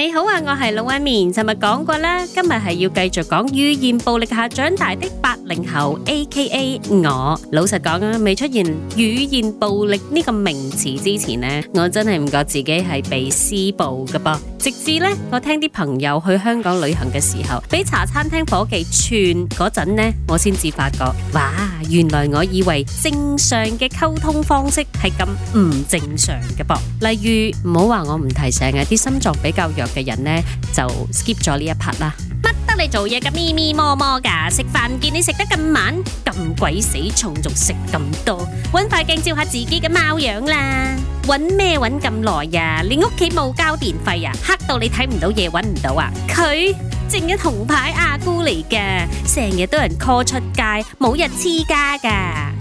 你好啊，我係老紋敏。尋日講過啦，今日係要繼續講語言暴力下長大的八零後，A.K.A 我。老實講啊，未出現語言暴力呢個名詞之前咧，我真係唔覺自己係被施暴嘅噃。直至咧，我聽啲朋友去香港旅行嘅時候，俾茶餐廳伙計串嗰陣咧，我先至發覺，哇，原來我以為正常嘅溝通方式係咁唔正常嘅噃。例如，唔好話我唔提醒啊，啲心臟比較弱，嘅人咧就 skip 咗呢一 part 啦，乜得你做嘢咁咪咪摸摸噶，食飯見你食得咁晚，咁鬼死重仲食咁多，揾塊鏡照下自己嘅貓樣啦，揾咩揾咁耐呀？你屋企冇交電費啊，黑到你睇唔到嘢，揾唔到啊！佢淨係紅牌阿姑嚟嘅，成日都人 call 出街，冇日黐家噶。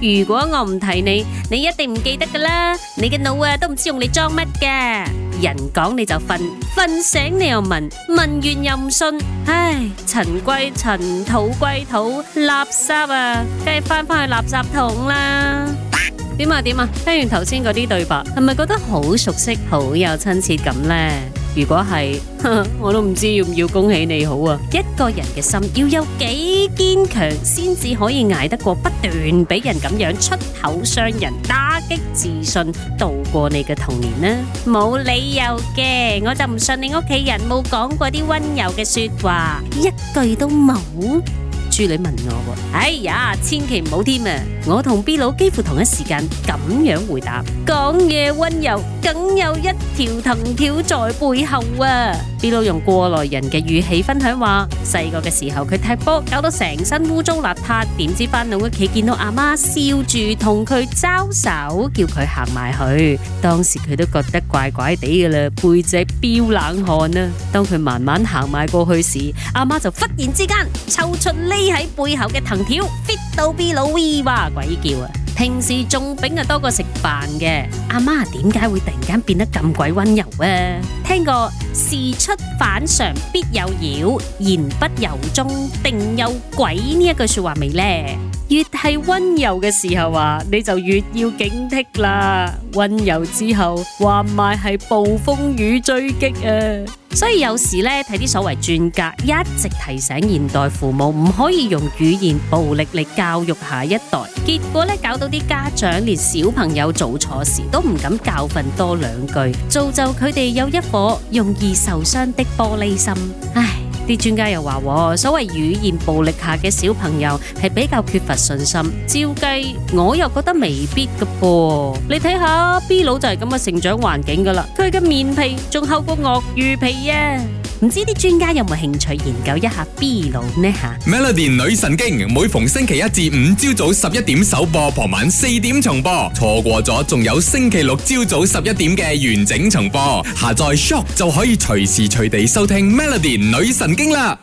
如果我唔提你，你一定唔記得噶啦。你嘅腦啊，都唔知用你裝乜嘅。人講你就瞓，瞓醒你又問，問完又唔信。唉，塵歸塵，土歸土，垃圾啊，梗係翻返去垃圾桶啦。點啊點啊，聽完頭先嗰啲對白，係咪覺得好熟悉，好有親切感呢？如果係，呵呵，我都唔知要唔要恭喜你好啊！一個人嘅心要有幾堅強，先至可以捱得過不斷俾人咁樣出口傷人、打擊自信，度過你嘅童年呢？冇理由嘅，我就唔信你屋企人冇講過啲温柔嘅說話，一句都冇。朱女問我喎，哎呀，千祈唔好添啊！我同 B 佬幾乎同一時間咁樣回答，講嘢温柔。梗有一條藤條在背後啊。B 佬用過來人嘅語氣分享話：細個嘅時候佢踢波，搞骯髒骯髒到成身污糟邋遢，點知翻到屋企見到阿媽笑住同佢招手，叫佢行埋去。當時佢都覺得怪怪地嘅啦，背脊飆冷汗啊。當佢慢慢行埋過去時，阿媽就忽然之間抽出匿喺背後嘅藤條，fit 到 B 佬哇鬼叫啊！平時縱餅啊多過食飯嘅阿媽，點解會突然間變得咁鬼溫柔啊？聽過事出反常必有妖，言不由衷定有鬼呢一句說話未呢？越係溫柔嘅時候啊，你就越要警惕啦！溫柔之後話埋係暴風雨追擊啊！所以有時呢，睇啲所謂專家一直提醒現代父母唔可以用語言暴力嚟教育下一代，結果呢搞到啲家長連小朋友做錯事都唔敢教訓多兩句，造就佢哋有一顆容易受傷的玻璃心，唉。啲專家又話：所謂語言暴力下嘅小朋友係比較缺乏信心。照計，我又覺得未必嘅噃。你睇下 B 佬就係咁嘅成長環境噶啦，佢嘅面皮仲厚過鱷魚皮啊！唔知啲專家有冇興趣研究一下 B 腦呢吓？Melody 女神經每逢星期一至五朝早十一點首播，傍晚四點重播，錯過咗仲有星期六朝早十一點嘅完整重播。下載 Shock 就可以隨時隨地收聽 Melody 女神經啦。